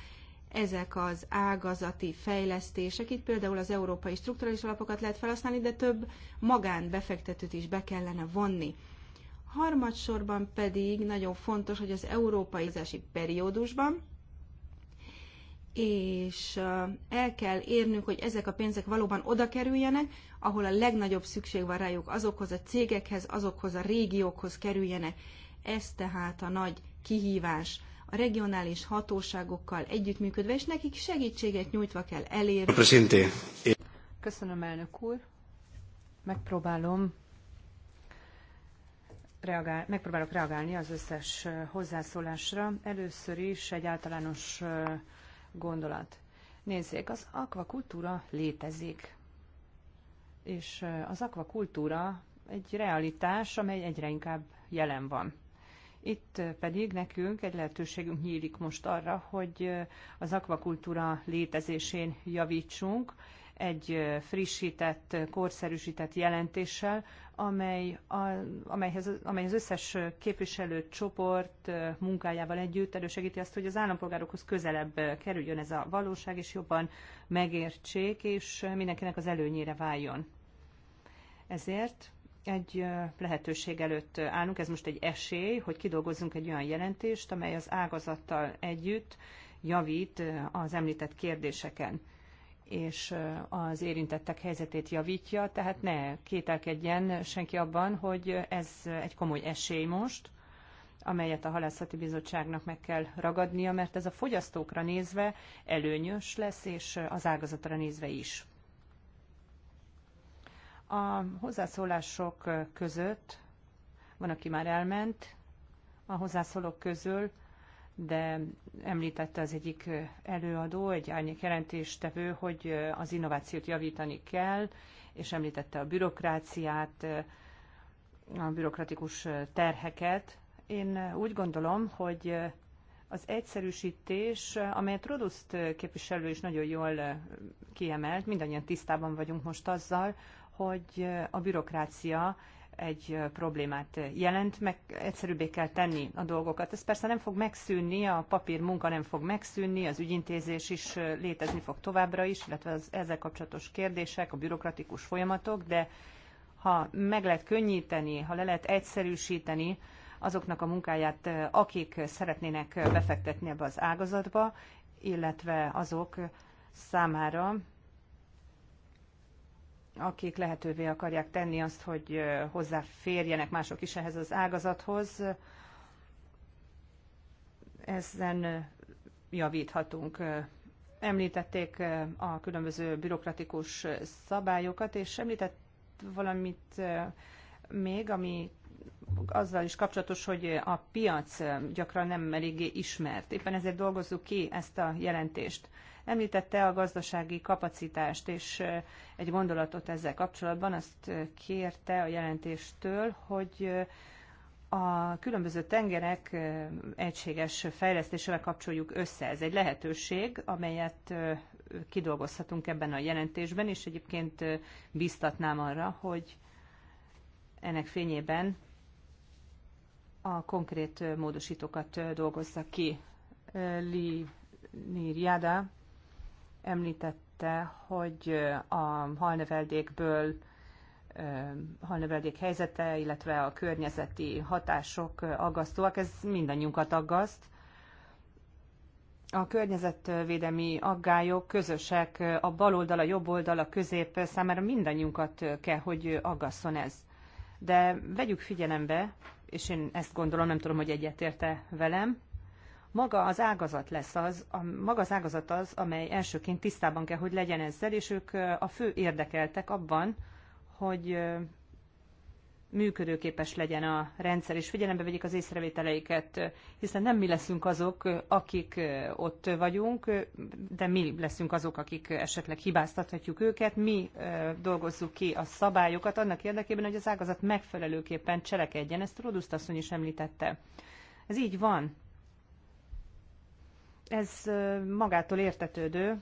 ezek az ágazati fejlesztések. Itt például az európai strukturális alapokat lehet felhasználni, de több magánbefektetőt is be kellene vonni. Harmadsorban pedig nagyon fontos, hogy az európai periódusban és el kell érnünk, hogy ezek a pénzek valóban oda kerüljenek, ahol a legnagyobb szükség van rájuk, azokhoz a cégekhez, azokhoz a régiókhoz kerüljenek. Ez tehát a nagy kihívás. A regionális hatóságokkal együttműködve, és nekik segítséget nyújtva kell elérni. Köszönöm, elnök úr. Megpróbálom reagál, megpróbálok reagálni az összes hozzászólásra. Először is egy általános gondolat. Nézzék, az akvakultúra létezik. És az akvakultúra egy realitás, amely egyre inkább jelen van. Itt pedig nekünk egy lehetőségünk nyílik most arra, hogy az akvakultúra létezésén javítsunk, egy frissített, korszerűsített jelentéssel, amely, a, amelyhez, amely az összes képviselő csoport munkájával együtt elősegíti azt, hogy az állampolgárokhoz közelebb kerüljön ez a valóság, és jobban megértsék, és mindenkinek az előnyére váljon. Ezért egy lehetőség előtt állunk, ez most egy esély, hogy kidolgozzunk egy olyan jelentést, amely az ágazattal együtt javít az említett kérdéseken és az érintettek helyzetét javítja, tehát ne kételkedjen senki abban, hogy ez egy komoly esély most, amelyet a halászati bizottságnak meg kell ragadnia, mert ez a fogyasztókra nézve előnyös lesz, és az ágazatra nézve is. A hozzászólások között van, aki már elment, a hozzászólók közül de említette az egyik előadó, egy árnyék jelentéstevő, hogy az innovációt javítani kell, és említette a bürokráciát, a bürokratikus terheket. Én úgy gondolom, hogy az egyszerűsítés, amelyet Roduszt képviselő is nagyon jól kiemelt, mindannyian tisztában vagyunk most azzal, hogy a bürokrácia egy problémát jelent, meg egyszerűbbé kell tenni a dolgokat. Ez persze nem fog megszűnni, a papír munka nem fog megszűnni, az ügyintézés is létezni fog továbbra is, illetve az ezzel kapcsolatos kérdések, a bürokratikus folyamatok, de ha meg lehet könnyíteni, ha le lehet egyszerűsíteni azoknak a munkáját, akik szeretnének befektetni ebbe az ágazatba, illetve azok számára, akik lehetővé akarják tenni azt, hogy hozzáférjenek mások is ehhez az ágazathoz, ezen javíthatunk. Említették a különböző bürokratikus szabályokat, és említett valamit még, ami azzal is kapcsolatos, hogy a piac gyakran nem eléggé ismert. Éppen ezért dolgozzuk ki ezt a jelentést. Említette a gazdasági kapacitást, és egy gondolatot ezzel kapcsolatban azt kérte a jelentéstől, hogy a különböző tengerek egységes fejlesztésével kapcsoljuk össze. Ez egy lehetőség, amelyet kidolgozhatunk ebben a jelentésben, és egyébként biztatnám arra, hogy ennek fényében a konkrét módosítókat dolgozza ki. Li Nirjada említette, hogy a halneveldékből halneveldék helyzete, illetve a környezeti hatások aggasztóak, ez mindannyiunkat aggaszt. A környezetvédelmi aggályok közösek, a bal oldal, a jobb oldal, a közép számára mindannyiunkat kell, hogy aggasszon ez. De vegyük figyelembe, és én ezt gondolom, nem tudom, hogy egyetérte velem, maga az ágazat lesz az, a, maga az ágazat az, amely elsőként tisztában kell, hogy legyen ezzel, és ők a fő érdekeltek abban, hogy működőképes legyen a rendszer, és figyelembe vegyék az észrevételeiket, hiszen nem mi leszünk azok, akik ott vagyunk, de mi leszünk azok, akik esetleg hibáztathatjuk őket, mi dolgozzuk ki a szabályokat annak érdekében, hogy az ágazat megfelelőképpen cselekedjen, ezt Rodusztasszony is említette. Ez így van. Ez magától értetődő.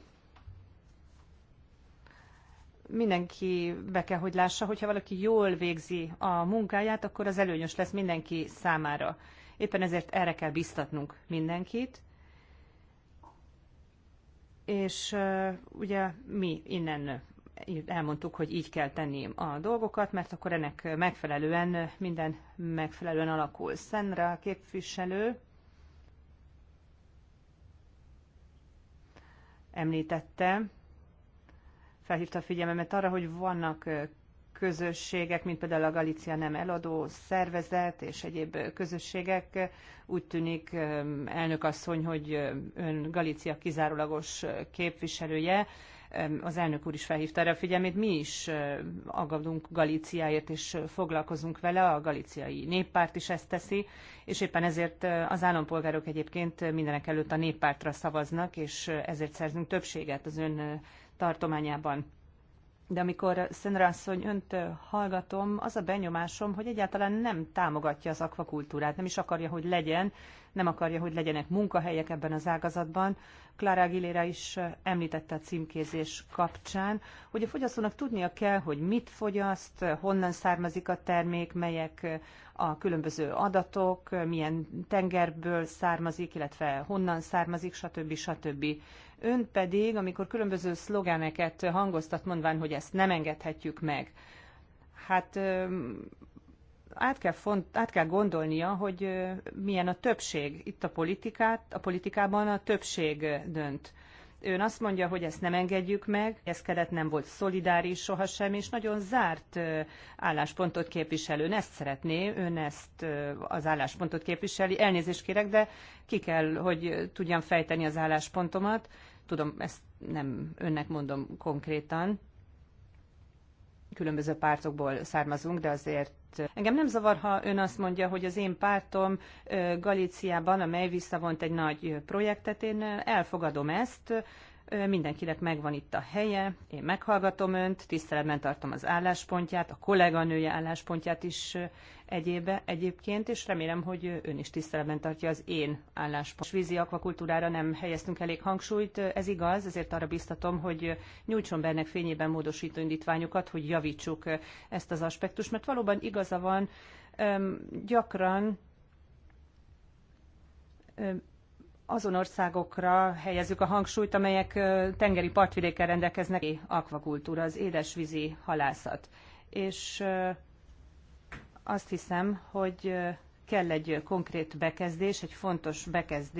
Mindenki be kell, hogy lássa, hogyha valaki jól végzi a munkáját, akkor az előnyös lesz mindenki számára. Éppen ezért erre kell biztatnunk mindenkit. És ugye mi innen elmondtuk, hogy így kell tenni a dolgokat, mert akkor ennek megfelelően minden megfelelően alakul. Szenra képviselő említette, felhívta a figyelmemet arra, hogy vannak közösségek, mint például a Galícia nem eladó szervezet és egyéb közösségek. Úgy tűnik, elnök asszony, hogy ön Galícia kizárólagos képviselője az elnök úr is felhívta erre a figyelmét, mi is aggódunk Galíciáért, és foglalkozunk vele, a galíciai néppárt is ezt teszi, és éppen ezért az állampolgárok egyébként mindenek előtt a néppártra szavaznak, és ezért szerzünk többséget az ön tartományában. De amikor Szenra asszony önt hallgatom, az a benyomásom, hogy egyáltalán nem támogatja az akvakultúrát, nem is akarja, hogy legyen, nem akarja, hogy legyenek munkahelyek ebben az ágazatban. Clara Aguilera is említette a címkézés kapcsán, hogy a fogyasztónak tudnia kell, hogy mit fogyaszt, honnan származik a termék, melyek a különböző adatok, milyen tengerből származik, illetve honnan származik, stb. stb. Ön pedig, amikor különböző szlogeneket hangoztat, mondván, hogy ezt nem engedhetjük meg, hát át kell, font, át kell gondolnia, hogy milyen a többség. Itt a, politikát, a politikában a többség dönt. Ön azt mondja, hogy ezt nem engedjük meg, ez kelet nem volt szolidáris sohasem, és nagyon zárt álláspontot képviselő. Ön ezt szeretné, ön ezt az álláspontot képviseli. Elnézést kérek, de ki kell, hogy tudjam fejteni az álláspontomat. Tudom, ezt nem önnek mondom konkrétan. Különböző pártokból származunk, de azért Engem nem zavar, ha ön azt mondja, hogy az én pártom Galíciában, amely visszavont egy nagy projektet, én elfogadom ezt, mindenkinek megvan itt a helye, én meghallgatom önt, tiszteletben tartom az álláspontját, a kolléganője álláspontját is egyébe, egyébként, és remélem, hogy ön is tiszteletben tartja az én álláspontot. Vízi akvakultúrára nem helyeztünk elég hangsúlyt, ez igaz, ezért arra biztatom, hogy nyújtson be ennek fényében módosító indítványokat, hogy javítsuk ezt az aspektust, mert valóban igaza van, gyakran azon országokra helyezzük a hangsúlyt, amelyek tengeri partvidéken rendelkeznek, akvakultúra, az édesvízi halászat. És azt hiszem, hogy kell egy konkrét bekezdés, egy fontos bekezdés,